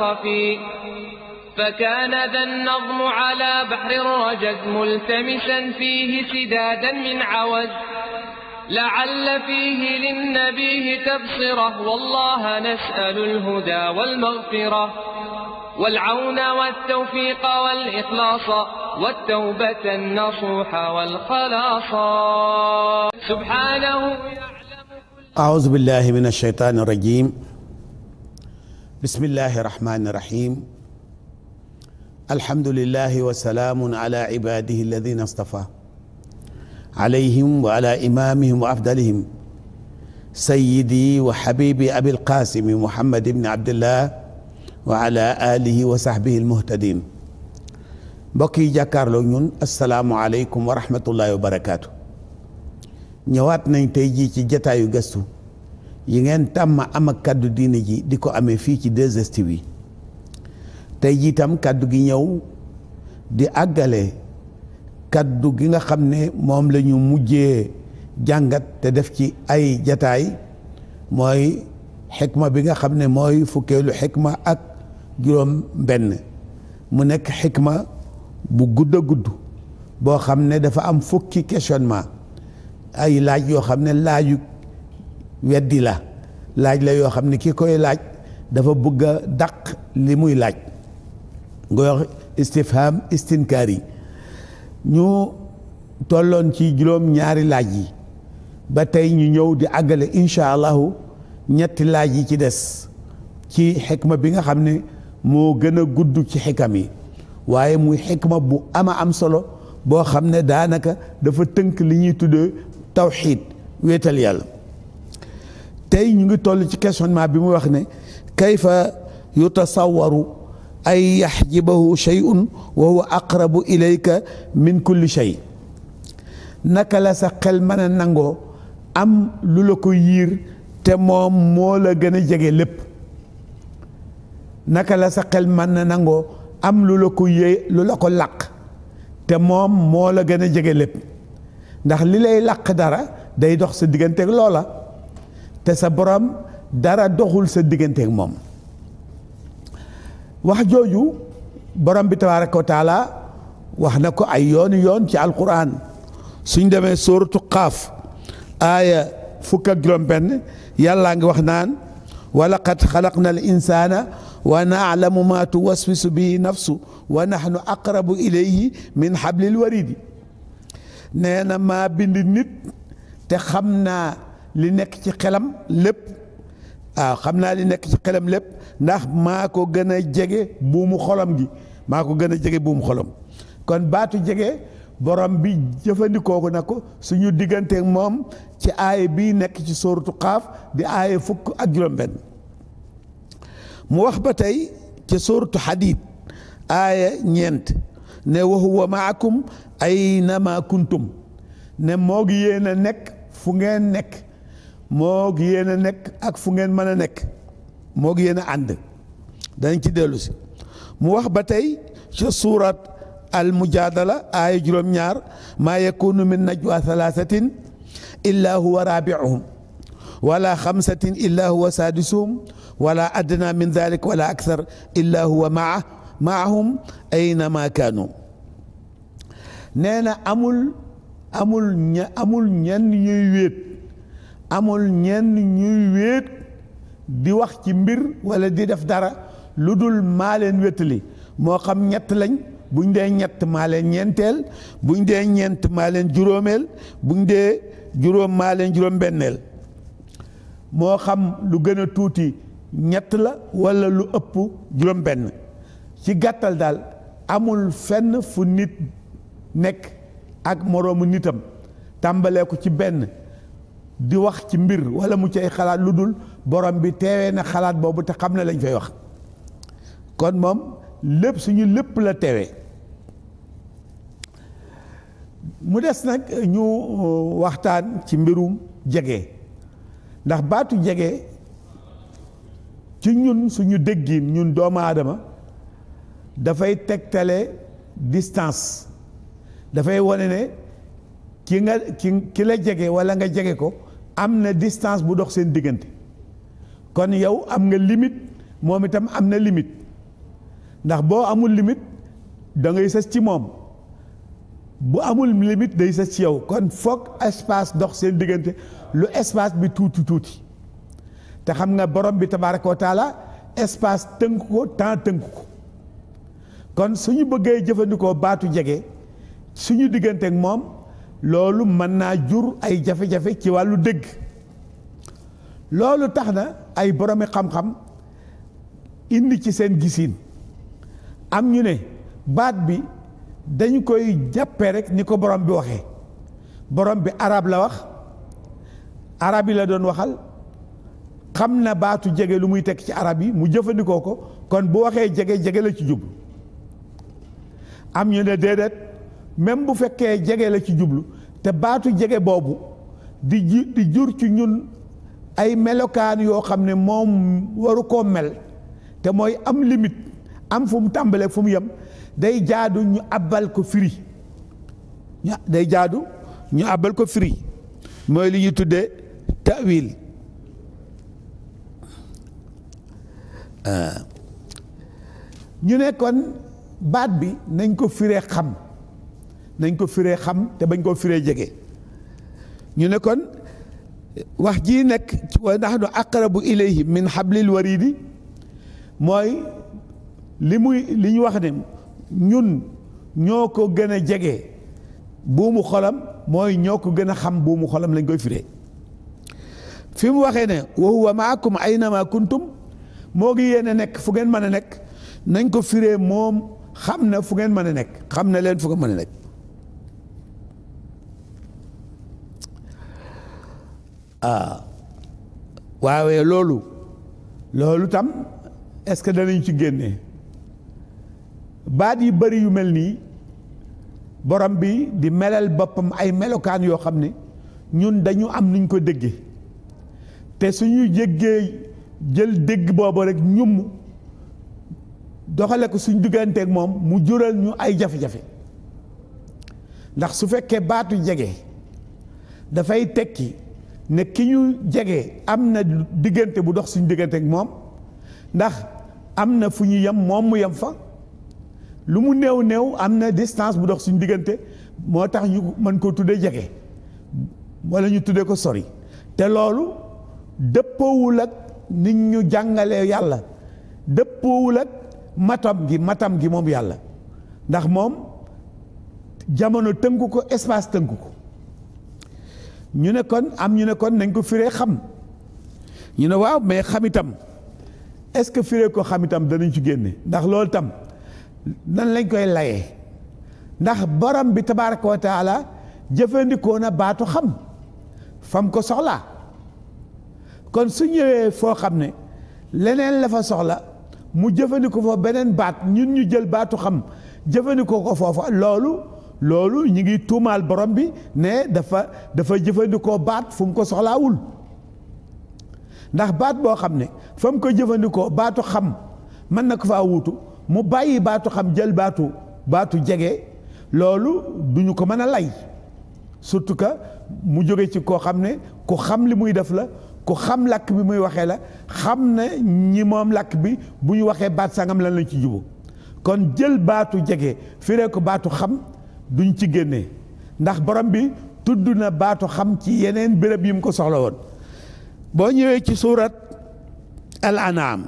خفي فكان ذا النظم على بحر الرجز ملتمسا فيه سدادا من عوز لعل فيه للنبي تبصره والله نسأل الهدى والمغفرة والعون والتوفيق والإخلاص والتوبة النصوح والخلاص سبحانه أعوذ بالله من الشيطان الرجيم bismillahi irrahmani irrahim alhamdulilahi wa salaamun ala ibadihi alladina astafa alayhim wa ala imamihim wa afdalihim sayidi wa habibi abilqasimi muhammad ibni abdillah wa ala alihi wa sahbihi almuhtadin mbokk yi jàkkaarloo ñun asalaamu aleykum wa rahmatullahi wa barakaatu ñëwaat nañ tey jii ci jataayu gëstu yi ngeen tàmm am kàddu diine ji di ko amee fii ci 2STV yi tey jii kàddu gi ñëw di àggale kàddu gi nga xam ne moom lañu ñu mujjee jàngat te def ci ay jataay mooy xikma bi nga xam ne mooy fukkeelu xikma ak juróom benn mu nekk xikma bu gudd a gudd boo xam ne dafa am fukki questionment ay laaj yoo xam ne laaju weddi la laaj la yoo xam ne ki koy laaj dafa bëgg a dàq li muy laaj nga wax istifham istinkaar yi ñu tolloon ci juróom ñaari laaj yi ba tey ñu ñëw di àggale incha allahu ñetti laaj yi ci des ci xikma bi nga xam ne moo gën a gudd ci xikam yi waaye muy xikma bu ama am solo boo xam ne daanaka dafa tënk li ñuy tudd tawxiid wéetal yàlla tey ñu ngi toll ci questionnement bi mu wax ne kayfa yutasawaru ay yaxjibahu shay'un wa huwa aqrabu ilayka min kulli shay naka la sa xel mën nangoo am lu yiir te moom moo lépp naka la sa xel mën na nangoo am lu la ko yéey lu la ko làq te moom moo la gën a jege lépp ndax li lay làq dara day dox sa digganteeg loola te sa borom dara doxul sa digganteeg moom wax jooju borom bi tabaaraka wa taala wax na ko ay yooni yoon ci alquran suñ demee sóoratu qaaf aaya fukk ak juróom benn yàllaa ngi wax naan wa laqad xalaqna al insana wa naalamu ma tuwaswisu bihi nafsu wa nahnu aqrabu ilayhi min hablil waridi nee na maa bind nit te xam naa li nekk ci xelam lépp waaw xam naa li nekk ci xelam lépp ndax maa ko gën a jege buumu xolam gi maa ko gën a jege buumu xolom kon baatu jege borom bi jëfandikoo ko na ko suñu digganteeg moom ci aaya bii nekk ci sóoratu xaaf di aaya fukk ak juróom mu wax ba tey ci sóoratu xadiid aaye ñeent ne wa huwa maakum aynama kuntum ne moo ngi yéen nekk fu ngeen nekk moog yéen nekk ak fu ngeen mën a nekk moog yéen a ànd danañ ci dellusi mu wax ba tey ci suurat al mujaadala aaya juróom-ñaar maa yakunu min najwa thalathatin illa huwa raabiuhum wala xamsatin illa huwa saadisuhum wala adna min dalik wala akthar illa huwa maa maahum aynama kaanu nee amul amul amul ñenn ñuy wéet amul ñenn ñuy wéet di wax ci mbir walla di def dara lu dul maa leen moo xam ñett lañ buñ dee ñett maa ñeenteel buñ dee ñeent maa leen juróomeel buñ dee juróom maa juróom-benneel moo xam lu gën a tuuti ñett la walla lu ëpp juróom-benn ci gàttal daal amul fenn fu nit nekk ak moroomu nitam tàmbalee ko ci benn di wax ci mbir wala mu cay xalaat lu dul borom bi teewee na xalaat boobu te xam na lañ fay wax kon moom lépp suñu lépp la teewee mu des nag ñu euh, waxtaan ci mbiru jege ndax baatu jege ci ñun suñu déggiin ñun doomu aadama dafay tegtale distance dafay wane ne ki nga ki ki la jege walla nga jege ko am na distance bu dox seen diggante kon yow am nga limite moom itam am na limite ndax boo amul limite da ngay sës ci moom bu amul limite day sës ci yow kon foog espace dox seen diggante lu espace bi tuuti tuuti te xam nga borom bi tabaaraka wa taala espace tënk ko temps tënk ko kon suñu bëggee jëfandikoo baatu jege suñu diggante ak moom loolu mën naa jur ay jafe-jafe ci wàllu dëgg loolu tax na ay boromi xam-xam indi ci seen gisiin am ñu ne baat bi dañu koy jàppe rek ni ko borom bi waxee borom bi arab la wax arab yi la doon waxal xam na baatu jege lu muy tekk ci arab yi mu jëfandikoo ko kon bu waxee jege jege la ci jublu am ñu ne déedéet même bu fekkee jege la ci jublu te baatu jege boobu di ji di jur ci ñun ay melokaan yoo xam ne moom waru koo mel te mooy am limite am fum mu tàmbalee fu mu yem day jaadu ñu abal ko firi day jaadu ñu abal ko firi mooy li euh, ñu tuddee tawil ñu nekkoon baat bi nañ ko firee xam nañ ko firee xam te bañ koo firee jege ñu ne kon wax jii nekk wa nahnu aqrabu ilayhi min hablil waridi mooy li muy li ñu wax ne ñun ñoo ko gën a jege buumu xolam mooy ñoo ko gën a xam buumu xolam lañ koy firee fi mu waxee ne wa huwa maakum aynama kuntum moo ngi yéen a nekk fu ngeen mën a nekk nañ ko firee moom xam na fu ngeen mën a nekk xam na leen fu ngeen mën a nekk Ah. waawee loolu loolu tam est-ce que danañ ci génne baat yi bari yu mel nii borom bi di melal boppam ay melokaan yoo xam ne ñun dañu am nuñ ko dégge te suñu jéggee jël dégg boobu rek ñum doxale ko suñ digganteeg moom mu jural ñu ay jafe-jafe ndax su fekkee baatu jege dafay tekki ne ki ñu jege am na diggante bu dox suñu diggante moom ndax am na fu ñu yem moom mu yem fa lu mu néew néew am na distance bu dox suñu diggante moo tax ñu mën koo tuddee jege wala ñu tuddee ko sori te loolu dëppoowul ak nit ñu jàngalee yàlla dëppoowul ak matam gi matam gi moom yàlla ndax moom jamono tënku ko espace tënku ko ñu ne kon am ñu ne kon nañ ko firee xam ñu ne waaw mais xam itam est-ce que firee ko xam itam danañ ci génne ndax loolu tam nan lañ koy laye ndax borom bi tabaaraka wa taala jëfandikoo na baatu xam fam ko soxlaa kon su ñëwee foo xam ne leneen la fa soxla mu jëfandikoo fa beneen baat ñun ñu jël baatu xam jëfandikoo ko foofa loolu loolu ñu ngi tuumaal borom bi ne dafa dafa jëfandikoo baat fu mu ko soxlaawul ndax baat boo xam ne fa mu ko jëfandikoo baatu xam mën na ko fa faa wutu mu bàyyi baatu xam jël baatu baatu jege loolu duñu ko mën a lay surtout que mu jóge ci koo xam ne ku xam li muy def la ku xam lakk bi muy waxee la xam ne ñi moom làkk bi bu ñu waxee baat sangam lan lañ ci jubu kon jël baatu jege firee ko baatu xam duñ ci génne ndax borom bi tudd na baatu xam ci yeneen béréb yi mu ko soxla woon boo ñëwee ci suurat al anaam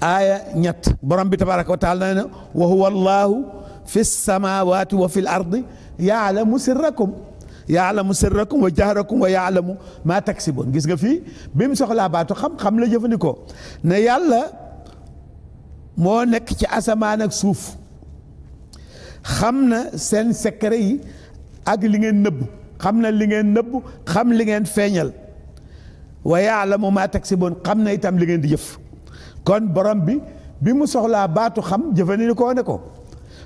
aaya ñett borom bi tabaraka wa taala na na wa huwa allahu fi samawati wa fi l ardi yaalamu sirrakum yaalamu sirrakum wa jahrakum wa yaalamu maa taksiboon gis nga fii bi mu soxlaa baatu xam-xam la jëfandikoo na yàlla moo nekk ci asamaan ak suuf xam na seen secret yi ak li ngeen nëbb xam na li ngeen nëbb xam li ngeen feeñal wa yaalamu maa boon xam na itam li ngeen di jëf kon borom bi bi mu soxlaa baatu xam jëfandikoo ne ko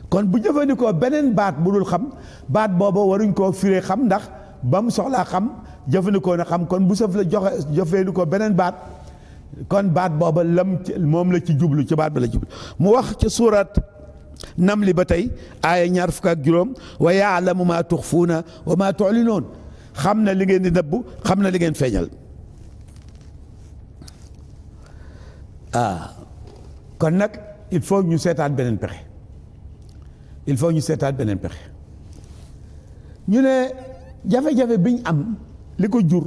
kon bu jëfandikoo beneen baat bu dul xam baat booba waruñ koo firee xam ndax ba mu soxlaa xam jëfandikoo ne xam kon bu sëf la joxe jëfandikoo beneen baat kon baat booba lam moom la ci jublu ci baat bi la jublu mu wax ci suuraat nam li ba tey aaya ñaar fukk ak juróom wa yaalamu maa tuxfuuna wa maa tuxlinoon xam na li ngeen di nëbbu xam na li ngeen feeñal ah kon nag il faut ñu seetaat beneen pexe il faut ñu seetaat beneen pexe ñu ne jafe-jafe bi am li ko jur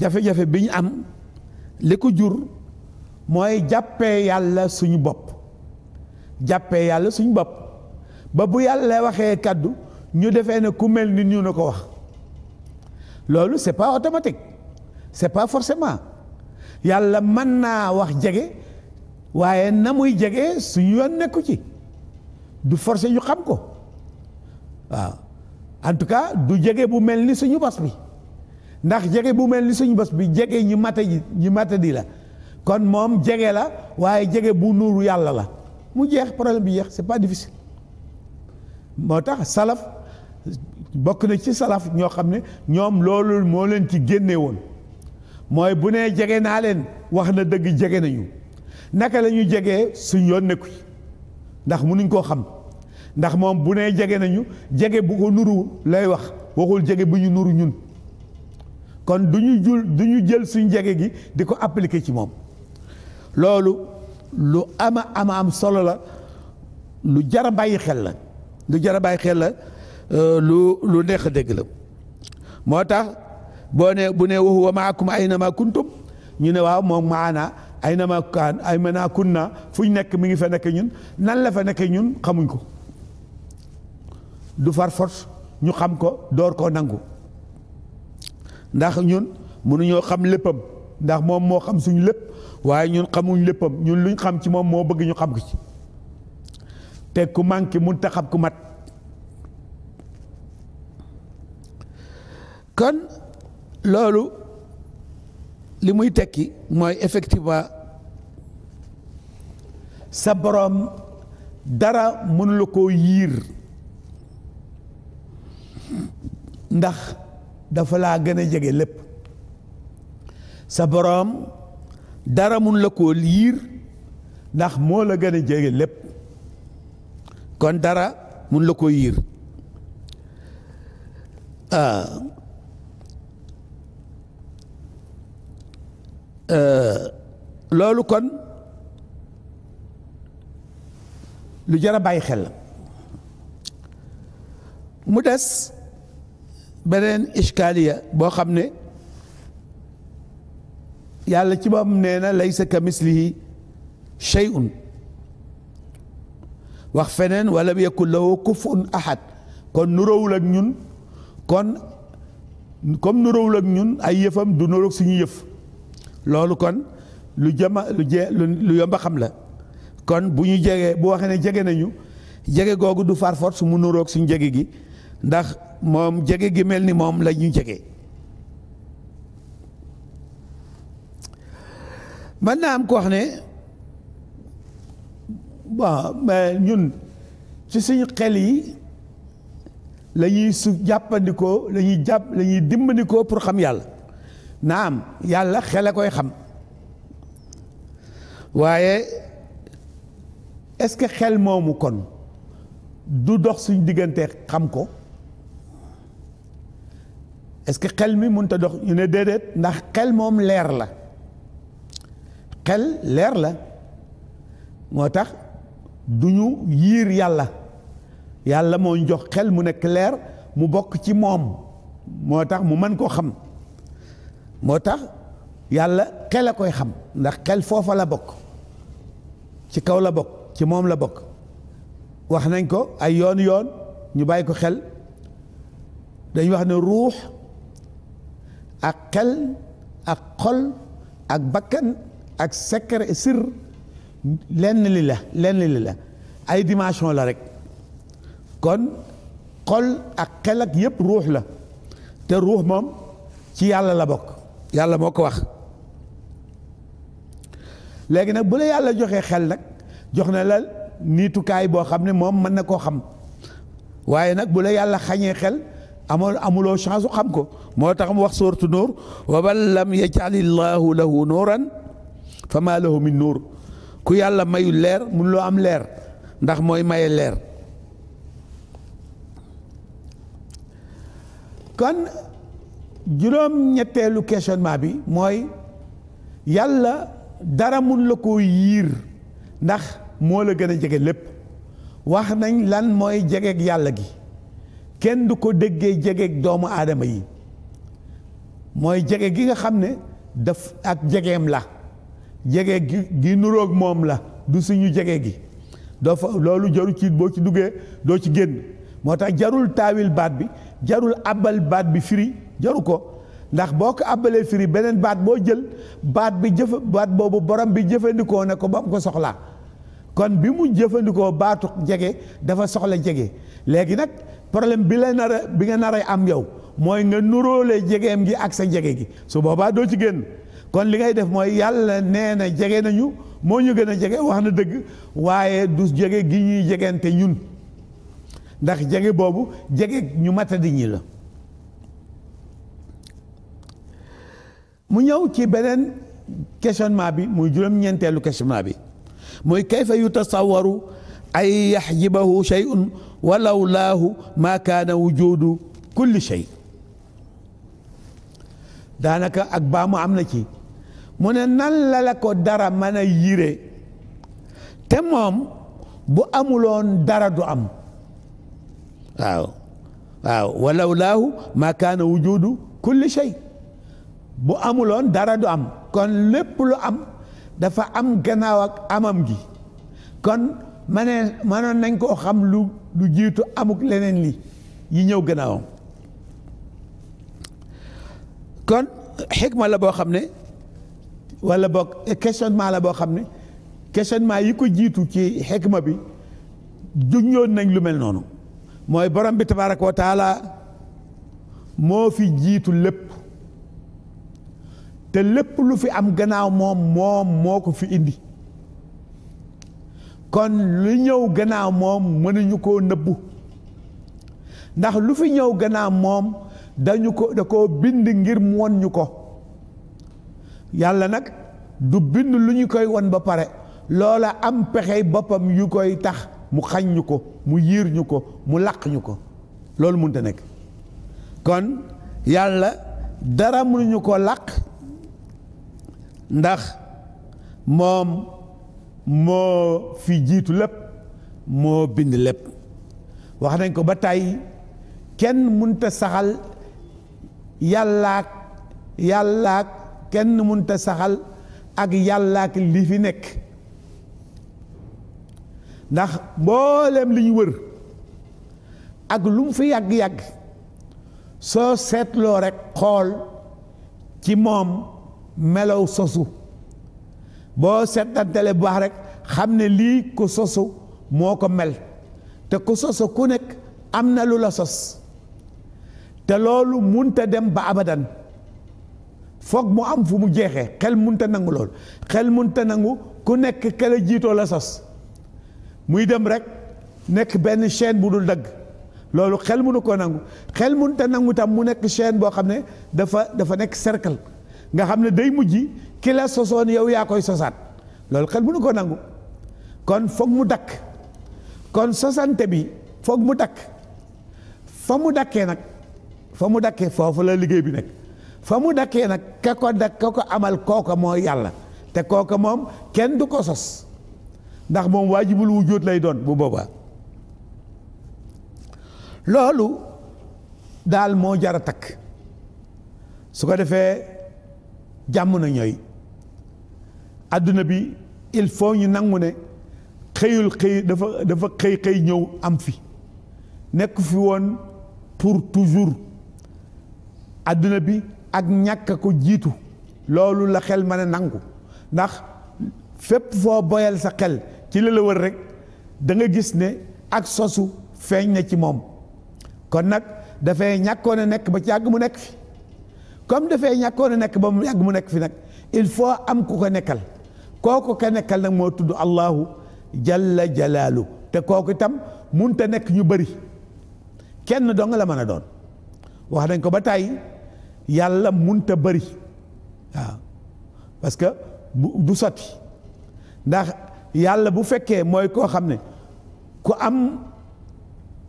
jafe-jafe bi ñu am li ko jur mooy jàppee yàlla suñu bopp jàppee yàlla suñ bopp ba bu yàlla waxee kàddu ñu defee ne ku mel ni ñu na ko wax loolu c'est pas automatique c'est pas forcément yàlla mën naa wax jege waaye namuy muy jege suñu yoon nekku ci du forcé ñu xam ko waaw en tout cas du jege bu mel ni suñu bos bi ndax jege bu mel ni suñu bos bi jege ñi mata ñi mata di la kon moom jege la waaye jege bu nuuru yàlla la mu jeex problème bi jeex c'est pas difficile moo tax salaf bokk na ci salaf ñoo xam ne ñoom loolu moo leen ci génne woon mooy bu nee jege naa leen wax na dëgg jege nañu naka la ñu jegee suñ yoon nekku ci ndax nuñ koo xam ndax moom bu nee jege nañu jege bu ko nuru lay wax waxul jege bu ñu nuru ñun kon du ñu jul du ñu jël suñ jege gi di ko appliquer ci moom loolu lu ama ama am solo la lu jar bàyyi xel la lu jar a bàyyi xel la euh, lu lu neex dégg la moo tax boo ne bu ne wa huwa maakum aynama kuntum ñu ne waaw moom ay aynama kaan aynama kunna fu ñu nekk mi ngi fa nekk ñun nan la fa nekk ñun xamuñ ko du far force ñu xam ko door koo nangu ndax ñun mënuñoo xam léppam ndax moom moo xam suñu lépp waaye ñun xamuñ léppam ñun luñ xam ci moom moo bëgg ñu xam ko ci teg ku manqué mun ta xam ku mat kon loolu li muy tekki mooy effectivement sa boroom dara mënu koo yiir ndax dafa laa gën a jege lépp sa boroom dara mun la koo liir ndax moo la gën a jege lépp kon dara mun la ko yiir ah. Ah. loolu kon lu jar a bàyyi xel la mu des beneen iskaliya boo xam ne yàlla ci moom nee na laysa ka mislihi shay'un wax feneen wala yakun lahu kufun ahad kon nuróowul ak ñun kon comme nuróowul ak ñun ay yëfam du nuróog suñu yëf loolu kon lu jëma lu jee lu yomba xam la kon bu ñu jege bu waxee ne jege nañu jege googu du farfort su mu nuróog suñu jege gi ndax moom jege gi mel ni moom la ñu jege mën naa am ko wax ne ñun ci suñu xel yi la ñuy su jàppandikoo la ñuy jàpp lañuy ñuy dimbandikoo pour xam yàlla naam yàlla xel a koy xam waaye est-ce que xel moomu kon du dox suñ diggante xam ko est-ce que xel mi mënut a dox ñu ne déedéet ndax xel moom leer la xel leer la moo tax du ñu yiir yàlla yàlla moo jox xel mu nekk leer mu bokk ci moom moo tax mu mën koo xam moo tax yàlla xel a koy xam ndax xel foofa la bokk ci kaw la bokk ci moom la bokk wax nañ ko ay yoon yoon ñu bàyyi ko xel dañ wax ne ruux ak xel ak xol ak bakkan ak secret sir lenn li la lenn li la ay dimension la rek kon xol ak xel ak yépp ruux la te ruux moom ci yàlla la bokk yàlla moo ko wax léegi nag bu la yàlla joxee xel nag jox na la niitukaay boo xam ne moom mën na koo xam waaye nag bu la yàlla xañee xel amoon amuloo chance u xam ko moo tax mu wax soortu nóor wa man lam yaj'alillaahu lahu nooran fa maa lahu min nuur ku yàlla mayu leer mun loo am leer ndax mooy maye leer kon juróom ñetteelu questionnement bi mooy yàlla dara mun la ko yiir ndax moo la gën a jege lépp wax nañ lan mooy jegeeg yàlla gi kenn du ko déggee jegeeg doomu aadama yi mooy jege gi nga xam ne daf ak jegeem la jege gi gi nuroog moom la du suñu jege gi doo fa loolu jaru ci boo ci duggee doo ci génn moo tax jarul taawil baat bi jarul abal baat bi firi jaru ko ndax boo ko abalee firi beneen baat boo jël baat bi jëf baat boobu borom bi jëfandikoo ne ko ba mu ko soxlaa kon bi mu jëfandikoo baatu jege dafa soxla jege léegi nag problème bi la nar bi nga nar a am yow mooy nga nuróolee jegeem gi ak sa jege gi su boobaa doo ci génn kon li ngay def mooy yàlla nee na jege nañu moo ñu gën a jege wax na dëgg waaye du jege gi ñuy jegante ñun ndax jege boobu jege ñu matadi ñi la mu ñëw ci beneen questionnement bi muy juróom-ñeenteelu questionnement bi mooy kayfa yutasawaru ay yaxjibahu shay'un walaw laahu maa kaana wujudu kulli shay daanaka ak baa mu am na ci mu ne nan la ko dara mën a yire te moom bu amuloon dara du am waaw waaw walaw laahu ma kaana wujudu kulli shay bu amuloon dara du am kon lépp lu am dafa am gannaaw ak amam gi kon ma ne mënoon nañ koo xam lu jiitu amuk leneen li yi ñëw gannaawam kon xikma la boo xam ne wala boog questionnement la boo xam ne questionnement yi ko jiitu ci xikma bi junjoon nañ lu mel noonu mooy borom bi tabaaraka wa taala moo fi jiitu lépp te lépp lu fi am gannaaw moom moom moo ko fi indi kon lu ñëw gannaaw moom mënuñu koo nëbbu ndax lu fi ñëw gannaaw moom dañu ko da koo bind ngir mu won ñu ko yàlla nag du bind lu ñu koy won ba pare loola am pexey boppam yu koy tax mu xañ ñu ko mu yiir ñu ko mu làq ñu ko loolu mënta nekk kon yàlla dara mënuñu ko làq ndax moom moo fi jiitu lépp moo bind lépp wax nañ ko ba tey kenn mënta saxal yàllaak yàllaak kenn munta saxal ak yàlla ak fi nekk ndax mboolem li wër ak lum fi yàgg-yàgg soo seetloo rekk xool ci moom melow sosu boo seetantale bu baax rekk xam ne lii ku sosu moo ko mel te ku sosu ku nekk am na lu la sos te loolu munta dem ba abadan foog mu am fu mu jeexee xel munta nangu lool xel munta nangu ku nekk kala jiitoo la sos muy dem rek nekk benn chaîne bu dul dagg loolu xel munu ko nangu xel munta nangu tam mu nekk chaîne boo xam ne dafa dafa nekk cercle nga xam ne day mujj ki la sosoon yow yaa koy sosaat loolu xel munu ko nangu kon foog mu dakk kon sosante bi foog mu dakk fa mu dakkee nag fa mu dakkee foofu la liggéey bi nekk fa mu dakkee nag ka ko dak ko amal kooka moo yàlla te kooka moom kenn du ko sos ndax moom waajibul wujjóot lay doon bu boobaa loolu daal moo jar a takk su ko defee jàmm na ñooy adduna bi il faut ñu nangu ne xëyul xëy dafa dafa xëy xëy ñëw am fi nekk fi woon pour toujours àdduna bi ak ñàkk ko jiitu loolu la xel mën a nangu ndax fépp foo boyal sa xel ci la la wër rek da nga gis ne ak sosu feeñ na ci moom kon nag dafay ñàkkoon a nekk ba ci yàgg mu nekk fi comme dafay ñàkkoon a nekk ba mu yàgg mu nekk fi nag il faut am ku ko nekkal kooku ko nekkal nag moo tudd allahu jalla jalaalu te kooku itam munta nekk ñu bëri kenn dong la mën a doon wax dañ ko ba tàyyi yàlla munta bëri waaw parce que du sotti ndax yàlla bu fekkee mooy koo xam ne ku am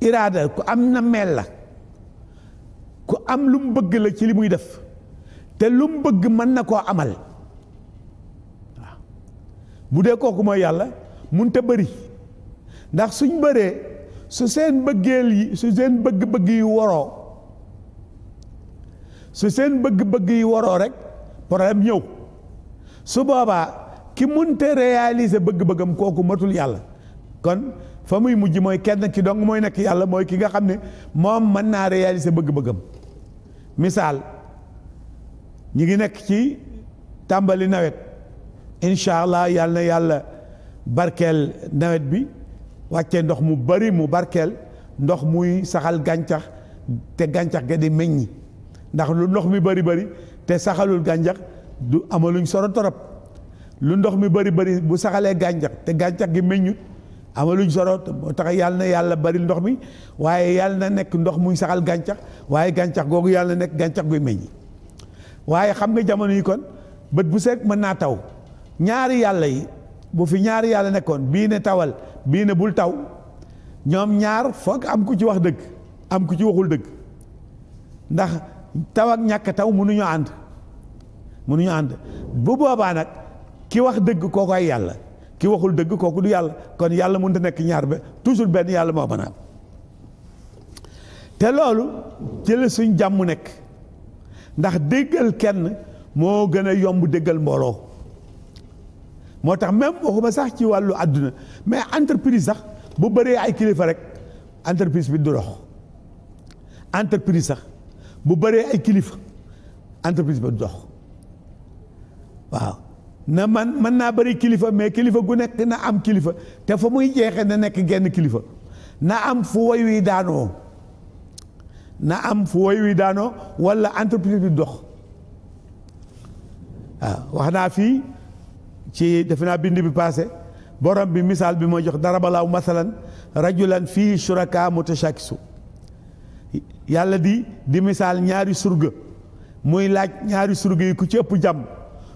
iraada ku am na mel la ku am lu mu bëgg la ci li muy def te lu bëgg mën na koo amal waaw bu dee kooku mooy yàlla munta bëri ndax suñ bëree su seen bëggeel yi su seen bëgg-bëgg yi woroo su seen bëgg-bëgg yi waroo rek problème ñëw su boobaa ki munte réaliser bëgg-bëggam kooku matul yàlla kon fa muy mujj mooy kenn ki dong mooy nekk yàlla mooy ki nga xam ne moom mën naa réaliser bëgg-bëggam misaal ñi ngi nekk ci tàmbali nawet incha allah yàlla na yàlla barkeel nawet bi wàccee ndox mu bari mu barkeel ndox muy saxal gàncax te gàncax ga di meññi ndax lu ndox mi bari bari te saxalul gàncax du amaluñ solo torop lu ndox mi bari bari bu saxalee gàncax te gàncax gi meññut amaluñ solo moo tax yàlla na yàlla bari ndox mi waaye yàlla na nekk ndox mu saxal gàncax waaye gàncax googu yàlla na nekk gàncax guy meññ waaye xam nga jamono yi kon bët bu seet mën naa taw ñaari yàlla yi bu fi ñaari yàlla nekkoon bii ne tawal bii ne bul taw ñoom ñaar foog am ku ci wax dëgg am ku ci waxul dëgg ndax taw ak ñàkk taw mënuñu ànd mënuñu ànd bu boobaa nag ki wax dëgg kooku ay yàlla ki waxul dëgg kooku du yàlla kon yàlla mënut a nekk ñaar ba toujours benn yàlla moo mën a am te loolu jële suñ jàmm nekk ndax déggal kenn moo gën a yomb déggal mbooloo moo tax même waxuma sax ci wàllu àdduna mais entreprise sax bu bëree ay kilifa rek entreprise bi du dox entreprise sax bu bëree ay kilifa entreprise ba dox waaw na man mën naa bëri kilifa mais kilifa gu nekk na am kilifa te fa muy jeexee na nekk genn kilifa na am fu woy wi daanoo na am fu woy wi daanoo walla entreprise bi dox waaw wax naa fii ci defe naa bind bi passé borom bi misaal bi moo jox daraba laaw masalan rajulan fii shuraka mutashakisu yàlla di di misaal ñaari surga muy laaj ñaari surga yi ku ci ëpp jàmm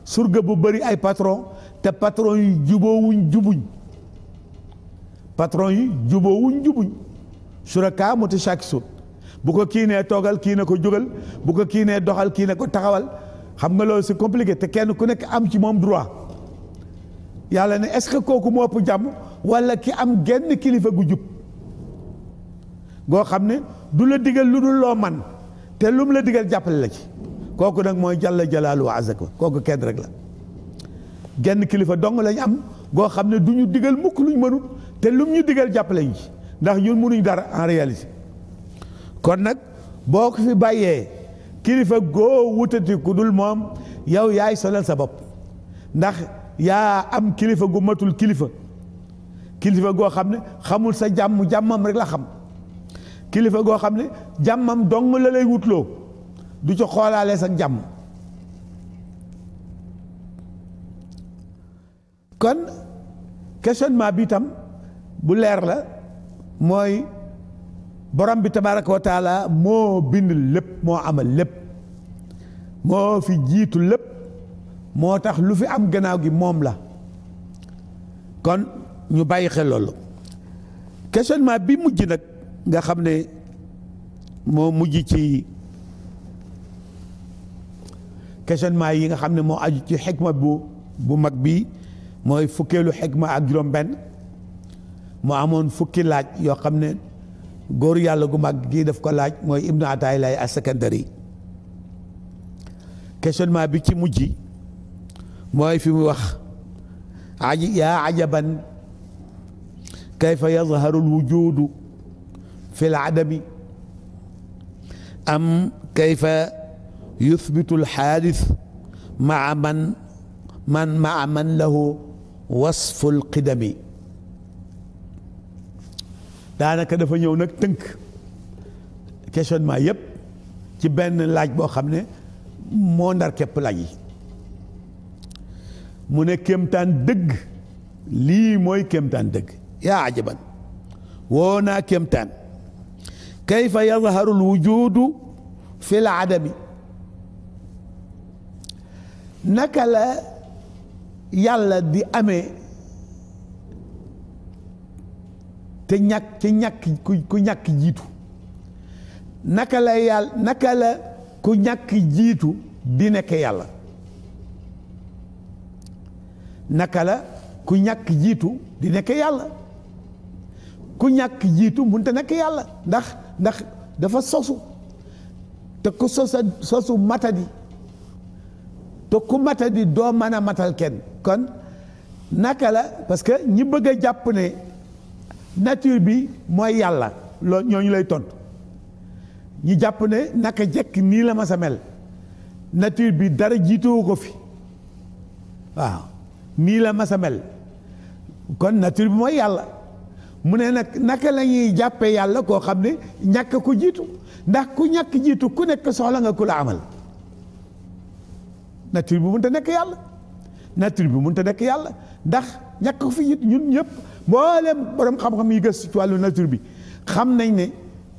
surga bu bari ay patron te patron yi juboowuñ jubuñ patron yi juboowuñ jubuñ suraka mutashakisun bu ko kii nee toogal kii ne ko jógal bu ko kii nee doxal kii ne ko taxawal xam nga loolu si compliqué te kenn ku nekk am ci moom droit yàlla ne est-ce que kooku moo ëpp jàmm walla ki am genn kilifa gu jub goo xam ne du la digal lu dul loo man te lum mu la digal jàppale la ci kooku nag mooy jàll jalaalu wa azza kooku kenn rek la genn kilifa dong lañ am goo xam ne du ñu digal mukk luñ mënut te lu ñu digal jàppale ñu ci ndax ñu mënuñ dara en réalité kon nag boo ko fi bàyyee kilifa goo wutati ku dul moom yow yaay solal sa bopp ndax yaa am kilifa gu matul kilifa kilifa goo xam ne xamul sa jàmm jàmmam rek la xam kilifa goo xam ne jàmmam dong la lay wutloo du ci xoolaale sa jàmm kon questionnement bi tam bu leer la mooy borom bi tabaraka wa taala moo bind lépp moo amal lépp moo fi jiitu lépp moo tax lu fi am gannaaw gi moom la kon ñu bàyyi xel loolu questionnement bi mujj nag nga xam ne moo mujj ci questionnement yi nga xam ne moo aju ci xikma bu mag bi mooy fukkeelu xikma ak juróom benn moo amoon fukki laaj yoo xam ne góor yàlla gu mag gi daf ko laaj mooy ibnu ataay lay as-Sakandari questionnement bi ci mujj mooy fi mu wax yaa ajaban kayfa yazharu al wujudu fi ladami am kayfa yuthbitu alxaadis maa man man maa man lahu wasfu alqidami daanaka dafa ñëw nag tënk questionnement yépp ci benn laaj boo xam ne moo ndar képp laaj yi mu ne kéemtaan dëgg lii mooy kéemtaan dëgg yaa ajaban woo naa kéemtaan kayfa yazharu lwujudu fi l adami naka la yàlla di ame te ñàkk te ñàkk ku ñàkk jiitu naka la yàlla naka la ku ñàkk jiitu di nekk yàlla naka la ku ñàkk jiitu di nekk yàlla ku ñàkk jiitu mënut a nekk yàlla ndax ndax dafa sosu te ku sosa sosu matadi te ku matadi doo mën a matal kenn kon naka la parce que ñi bëgg a jàpp ne nature bi mooy yàlla loolu ñooñu lay tontu ñi jàpp ne naka jekk nii la ma sa nature bi dara jiitoo ko fi waaw nii la ma kon nature bi mooy yàlla mu ne nag naka lañuy ñuy jàppee yàlla koo xam ne ñàkk ku jiitu ndax ku ñàkk jiitu ku nekk soxla nga ku la amal nature bi mun te nekk yàlla nature bi mënut a nekk yàlla ndax ñàkk ko fi jiitu ñun ñëpp mboolem borom xam-xam yi gëstu ci wàllu nature bi xam nañ ne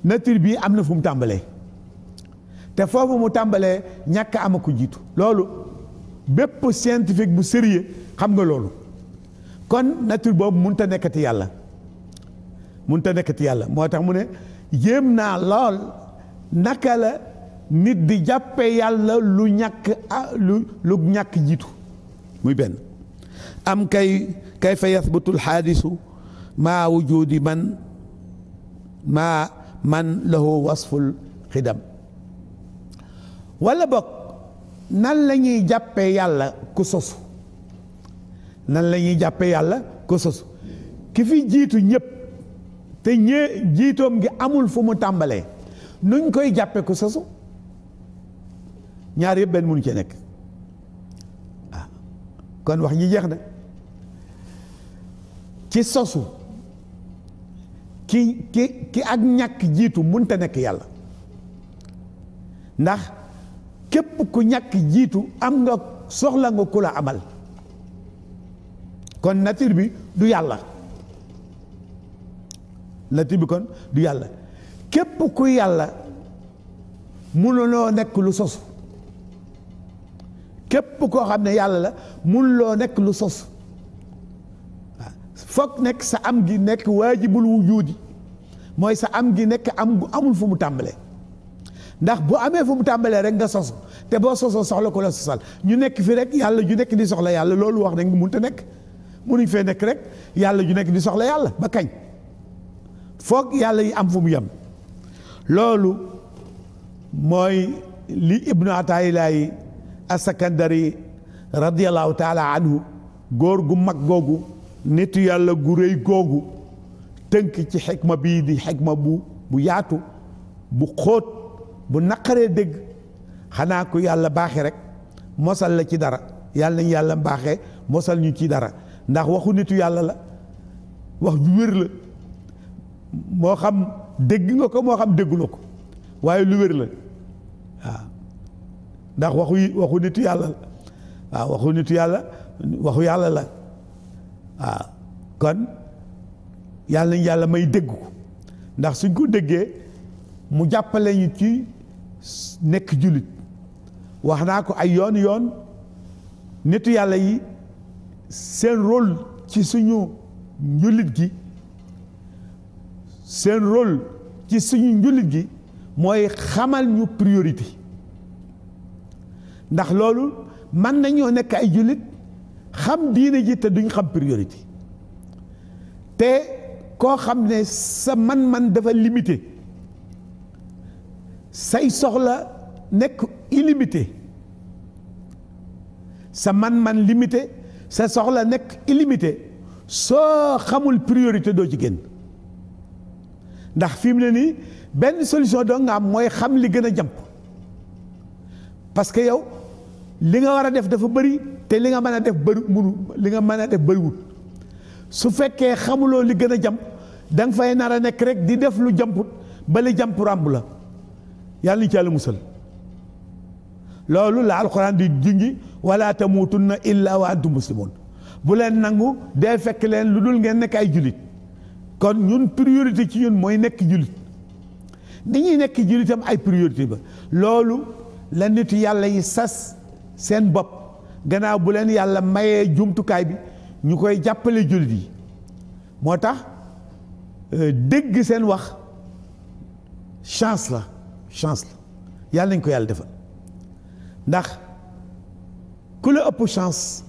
nature bi am na fu mu tàmbalee te foofu mu tàmbalee ñàkk ama ku jiitu loolu bépp scientifique bu sérieux xam nga loolu kon nature boobu mënut a ti yàlla mënut a nekkati yàlla moo tax mu ne jéem naa lool naka la nit di jàppe yàlla lu ñàkk lu lu ñàkk jiitu muy benn am kay kay fa yasbutul xaadisu maa wujudi man maa man lahu wasful xidam wala bokk nan la ñuy jàppee yàlla ku sosu nan la ñuy jàppee yàlla ku sosu ki fi jiitu ñëpp te ñee njiitoom gi amul fu mu tàmbalee nuñ koy jàppe ku sosu ñaar yëpp benn mënu ci nekk ah. kon wax ñi jeex na ci sosu ki ki ki ak ñàkk jiitu mënta nekk yàlla ndax képp ku ñàkk jiitu am nga soxla nga ku la amal kon nature bi du yàlla latif bi kon du yàlla képp ku yàlla mënuloo nekk lu sosu képp koo xam ne yàlla la mënuloo nekk lu sosu waaw foog nekk sa am gi nekk waajibul wujuudi mooy sa am gi nekk am gu amul fu mu tàmbalee ndax bu amee fu mu tàmbalee rek nga sosu te boo sosoo soxla ko la sosal ñu nekk fi rek yàlla ju nekk di soxla yàlla loolu wax rek nga mënut a nekk fee nekk rek yàlla ñu nekk di soxla yàlla ba kañ foog yàlla yi am fu mu yem loolu mooy li ibnu ataayilaay asakandari radiallahu taala anhu góor gu mag googu nitu yàlla gu rëy googu tënk ci xikma bii di xikma bu bu yaatu bu xóot bu naqaree dégg xanaa ko yàlla baaxe rek mosal la ci dara yàlla nañ yàlla baaxee mosal ñu ci dara ndax waxu nitu yàlla la wax ju wér la moo xam dégg nga ko moo xam dégguloo ko waaye lu wér la waaw ndax waxu waxu nitu yàlla waxu nitu yàlla waxu yàlla la waaw kon yàlla nañ yàlla may dégg ko ndax suñ ko déggee mu jàppale ñu ci nekk jullit wax naa ko ay yoon yoon nitu yàlla yi seen rôle ci suñu njullit gi seen rôle ci suñu njullit gi mooy xamal ñu priorité ndax loolu mën nañoo nekk ay jullit xam diine ji te duñ xam priorité te koo xam ne sa man-man dafa limité say soxla nekk illimité sa man-man limité sa soxla nekk illimité soo xamul priorité doo jigéen ndax fi mu ne nii benn solution doo nga am mooy xam li gën a jàmp parce que yow li nga war a def dafa bëri te li nga mën a def bëri li nga mën a def bëriwul su fekkee xamuloo li gën a jàmp da fay nar a nekk rek di def lu jàmput ba li jàmp la yàlla ñu ci musal loolu la alxuraan di jungi wala tamuutunna illa wa antum muslimun bu leen nangu dee fekk leen lu dul ngeen nekk ay julit kon ñun priorité ci ñun mooy nekk jullit ni ñuy nekk jullitam ay priorité ba loolu la nitu yàlla yi sas seen bopp gannaaw bu leen yàlla mayee jumtukaay bi ñu koy jàppale jullit yi moo tax euh, dégg seen wax chance la chance la yàlla nañ ko yàlla defal ndax ku la ëpp chance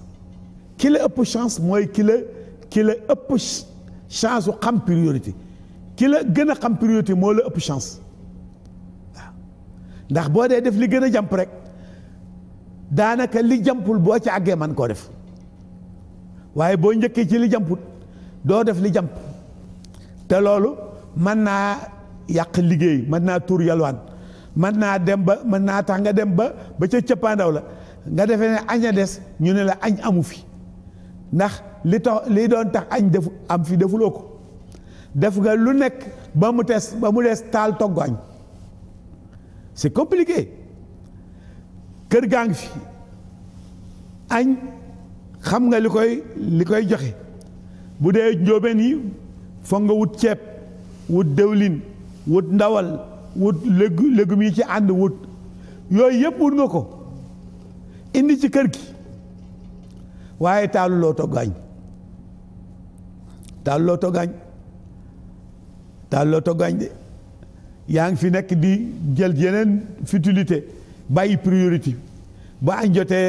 ki la ëpp chance mooy ki la ki la ëpp chance su xam priorité ki la gën a xam priorité moo la ëpp chance waaw ndax boo dee def li gën a jàmp rek daanaka li jàmpul boo ci àggee man koo def waaye boo njëkkee ci li jàmput doo def li jàmp te loolu mën naa yàq liggéey mën naa tuur yalwaan mën naa dem ba mën naa tax nga dem ba ba ca cëppaandaw la nga defee ne añ des ñu ne la añ amu fi ndax li tax li doon tax añ def am fi defuloo ko def nga lu nekk ba mu tes ba mu lees taal togg añ si compliqué kër gaa ngi fi añ xam nga li koy li koy joxe bu dee njóobeen yi foog nga wut ceeb wut dëwlin wut ndawal wut légumes yi ci ànd wut yooyu yëpp wut nga ko indi ci kër gi waaye taaluloo toggaañ taaluloo toggaañ taaluloo toggaañ de yaa ngi fi nekk di jël yeneen futilité bàyyi priorité ba añ jotee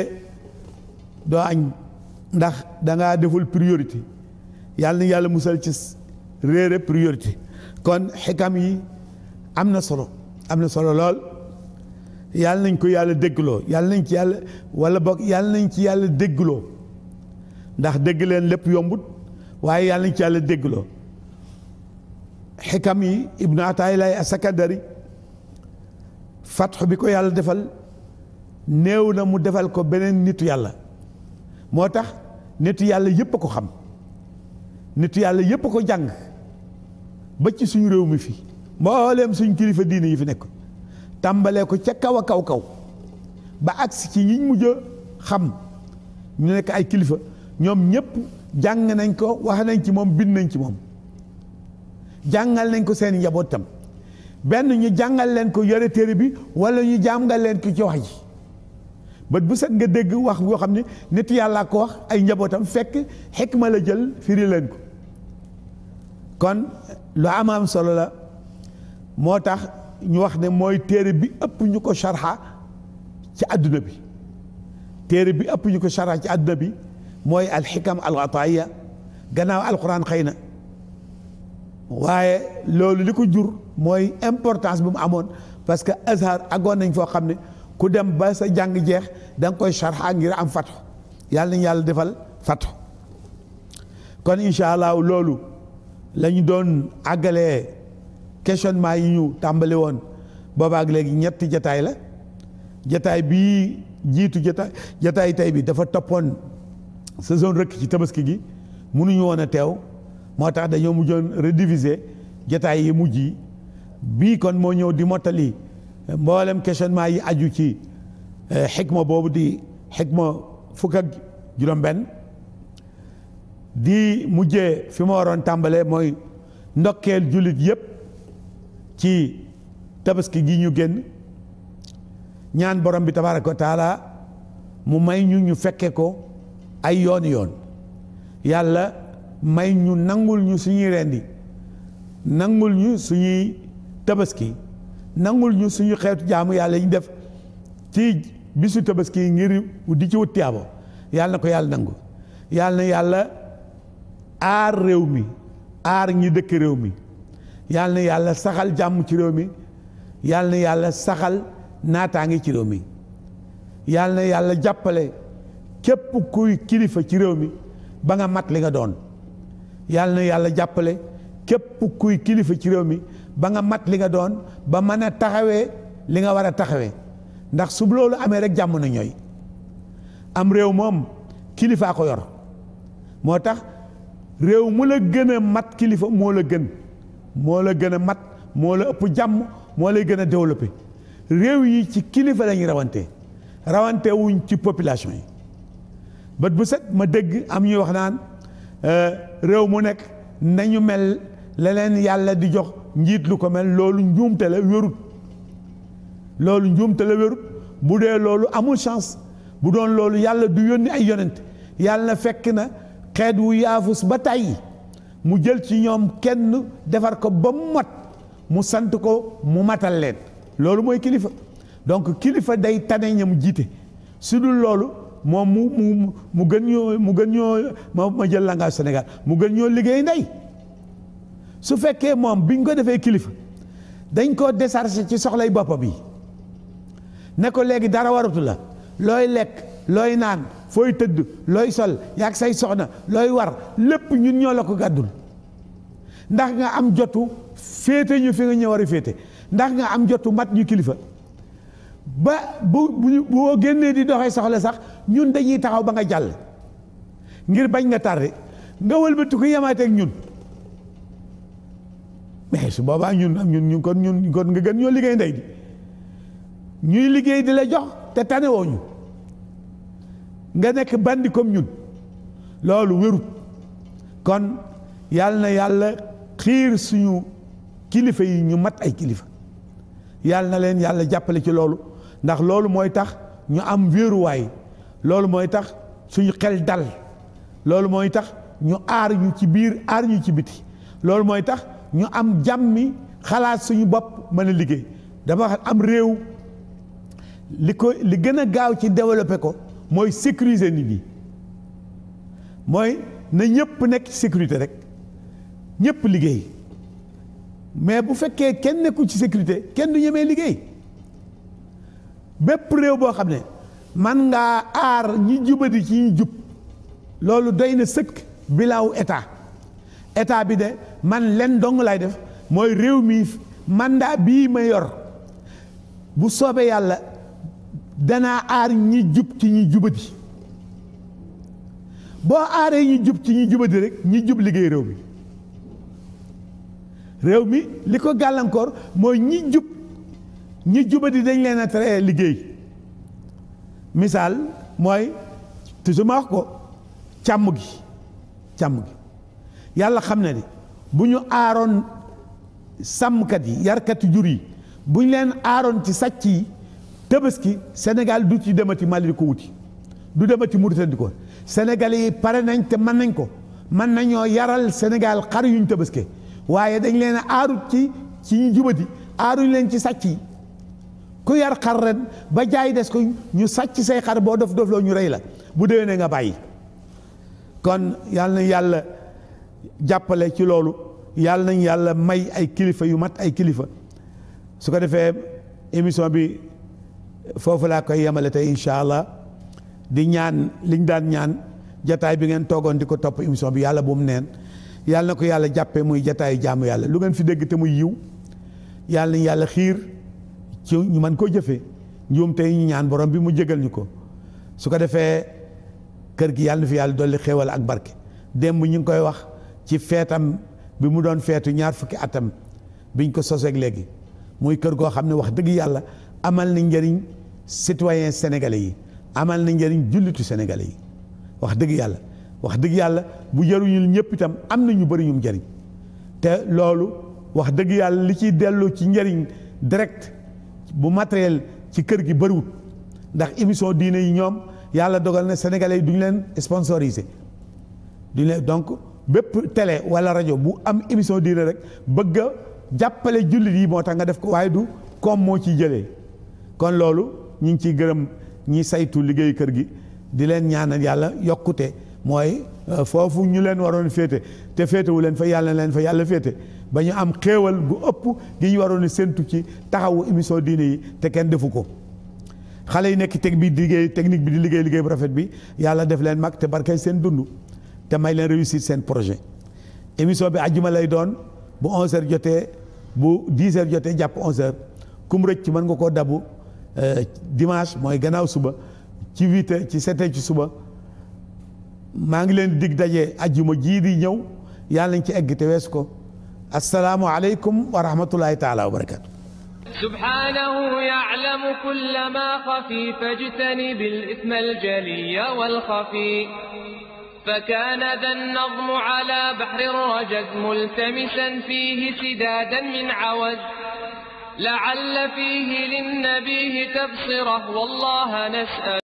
doo añ ndax dangaa deful priorité yàlla na yàlla musal ci réere priorité kon xikam yi am na solo am na solo lool yàlla nañ ko yàlla déggloo yàlla nañ ci yàlla wala boog yàlla nañ ci yàlla déggloo ndax dégg leen lépp yombut waaye yàlla nañ ci yàlla déggloo xikam yi ibnu ataay lay asakadari fatx bi ko yàlla defal néew na mu defal ko beneen nitu yàlla moo tax nitu yàlla yépp ko xam nitu yàlla yépp ko jàng ba ci suñu réew mi fi mbooleem suñ kilifa diine yi fi nekk tàmbalee ko ca kaw a kaw kaw ba agsi ci ñiñ mujj xam ñu nekk ay kilifa ñoom ñëpp jàng nañ ko wax nañ ci moom bind nañ ci moom jàngal nañ ko seen njabootam benn ñu jàngal leen ko yore téere bi wala ñu jàngal leen ko ci wax ji bët bu set nga dégg wax yoo xam ne nit yàlla ko wax ay njabootam fekk xikma la jël firi leen ko kon lu am solo la moo tax ñu wax ne mooy téere bi ëpp ñu ko sharxa ci àdduna bi téere bi ëpp ñu ko sharxa ci àdduna bi mooy alxikam alxataaya gannaaw alxuraan xëy na waaye loolu li ko jur mooy importance bu mu amoon parce que azhar agoon nañ foo xam ne ku dem ba sa jàng jeex danga nga koy sharxa ngir am fatu yàlla nañ yàlla defal fatu kon incha allah loolu lañu doon àggale questionnement yi ñu tàmbali woon boobaak léegi ñetti jataay la jataay bii jiitu jataay jataay tey bi dafa toppoon saison rëkk ci tabaski gi mënuñu woon teew moo tax dañoo mujjoon rediviser jataay yi mujj yi bii kon moo ñëw di mottali eh, mboolem questionnement yi aju ci eh, ma boobu di xikma fukk ak juróom-benn di mujjee fi ma waroon tàmbalee mooy ndokkeel jullit yépp ci tabaski gi ñu génn ñaan borom bi tabaaraka wa mu may ñu ñu fekke ko ay yoon yoon yàlla may ñu nangul ñu suñuy rendi nangul ñu suñuy tabaski nangul ñu suñu xeetu jaamu yàlla ñu def ci bisu tabaski ngir di ci wut yàlla na ko yàlla nangu yàlla na yàlla aar réew mi aar ñi dëkk réew mi yàlla na yàlla saxal jàmm ci réew mi yàlla na yàlla saxal naataange ci réew mi yàlla na yàlla jàppale képp kuy kilifa ci réew mi ba nga mat li nga doon yàlla na yàlla jàppale képp kuy kilifa ci réew mi ba nga mat li nga doon ba mën a taxawee li nga war a taxawee ndax su loolu amee rek jàmm na ñooy am réew moom kilifaa ko yor moo tax réew mu la gën mat kilifa moo la gën moo la gën a mat moo la ëpp jàmm moo lay gën a développé réew yi ci kilifa la ñuy rawante rawantewuñ ci population yi bët bu set ma dégg am ñuy wax naan euh, réew mu nekk nañu mel leneen yàlla di jox njiitlu ko mel loolu njuumte la wérut loolu njuumte la wérut bu dee loolu amul chance bu doon loolu yàlla du yónni ay yonent yàlla fekk na xeet wu yaafus ba tàyyi mu jël ci ñoom kenn defar ko ba mu mat mu sant ko mu matal leen loolu mooy kilifa donc kilifa day tane ñam jiite su dul loolu moom mu mu mu gën ñoo mu gën ñoo ma ma jël langage Sénégal mu gën ñoo liggéey ndey su fekkee moom biñ ko defee kilifa dañ koo déchargé ci soxlay boppam yi ne ko léegi dara waratu la looy lekk looy naan fooy tëdd looy sol yaag say soxna looy war lépp ñun ñoo la ko gàddul ndax nga am jotu féete ñu fi nga ñu war féete ndax nga am jotu mat ñu kilifa ba bu bu boo génnee di doxee soxla sax ñun dañuy taxaw ba nga jàll ngir bañ nga tardé nga wëlbati ko yemaateeg ñun mais su boobaa ñun am ñun ñu kon ñun kon nga gën ñoo liggéey ndey di ñuy liggéey di la jox te tanewoo ñu nga nekk bandi kom ñun loolu wérut kon yàlla na yàlla xiir suñu kilifa yi ñu mat ay kilifa yàlla na leen yàlla jàppale ci loolu ndax loolu mooy tax ñu am wéeruwaay loolu mooy tax suñu xel dal loolu mooy tax ñu aar ñu ci biir aar ñu ci biti loolu mooy tax ñu am jàmmi xalaat suñu bopp mën a liggéey dama wax am réew li ko li gën a gaaw ci développer ko mooy sécuriser nit ñi mooy na ñëpp nekk ci sécurité rek ñëpp liggéey mais bu fekkee kenn nekku ci sécurité kenn du ñemee liggéey bépp réew boo xam ne man ngaa aar ñi jubadi ci ñi jub loolu doy na sëkk bilaaw état état bi de man leen dong lay def mooy réew mi mandat bii ma yor bu soobee yàlla danaa aar ñi jub ci ñi jubadi boo aaree ñi jub ci ñi jubadi rek ñi jub liggéey réew mi réew mi li ko gàllankoor mooy ñi jub ñi jubadi dañ leen a tere liggéey misaal mooy toujours ma ko càmm gi càmm gi yàlla xam na ni bu ñu aaroon sàmmkat yi yarkati jur yi bu ñu leen aaroon ci sàcc yi tabaski Sénégal du ci demati Mali di ko wuti du demati Mauritanie di ko Sénégalais pare nañ te mën nañ ko mën nañoo yaral Sénégal xar yuñ tabaskee waaye dañ leen aarut ci ci ñu jubati aaruñ leen ci sàcc yi ku yar xar ren ba jaay des ko ñu sàcc say xar boo dof dofloo ñu rey la bu déwénee nga bàyyi kon yal na yàlla jàppale ci loolu yal nañ yàlla may ay kilifa yu mat ay kilifa su ko defee émission bi foofu laa koy yemale tey incha allah di ñaan liñ daan ñaan jataay bi ngeen toogoon di ko topp émission bi yàlla bu mu neen yàlla ko yàlla jàppe muy jataay jaamu yàlla lu ngeen fi dégg te muy yiw yàlla nañ yàlla xiir ci ñu mën koo jëfee njuum tey ñu ñaan borom bi mu jégal ñu ko su ko defee kër gi yàlla na fi yàlla dolli xéewal ak barke démb ñu ngi koy wax ci feetam bi mu doon feetu ñaar fukki atam biñ ko soseek léegi muy kër goo xam ne wax dëgg yàlla amal na njëriñ citoyen sénégalais yi amal na njëriñ jullitu sénégalais yi wax dëgg yàlla wax dëgg yàlla bu jëruñul ñëpp itam am na ñu bëri ñu njëriñ te loolu wax dëgg yàlla li ciy dellu ci njëriñ direct bu matériel ci kër gi bëriwut ndax émission diine yi ñoom yàlla dogal na sénégalais yi du ñu leen sponsorisé du leen donc bépp télé wala rajo bu am émission diine rek bëgg a jàppale jullit yi moo tax nga def ko waaye du comme moo ciy jëlee kon loolu ñu ngi ciy gërëm ñi saytu liggéey kër gi di leen ñaanal yàlla yokkute mooy euh, foofu ñu leen waroon féete te féetewu leen fa yàlla leen fa yàlla féete ba ñu am xéewal gu ëpp gi ñu waroon a séntu ci taxawu émission diine yi te kenn defu ko xale yi nekk teg bi di liggéey technique bi di liggéey bu rafet bi yàlla def leen mag te barkeel seen dund te may leen réussir seen projet émission bi àjjuma lay doon bu 11h jotee bu 10 jotee jàpp 11h ci rëcc mën nga koo dabu euh, dimanche mooy gannaaw suba ci 8 ci 7 ci suba maa ngi leen dig daje àjjuma jii di ñëw yàlla nañ ci egg te weesu ko. asalaamualeykum wa rahmatullahi taala wa barakaatu. subhaanahu ya'lamu kulla maa xafi fajtanibil ismal jaliya wal xafi فكان ذا النظم على بحر الرجز ملتمسا فيه سدادا من عوز لعل فيه للنبيه تبصره والله نسأل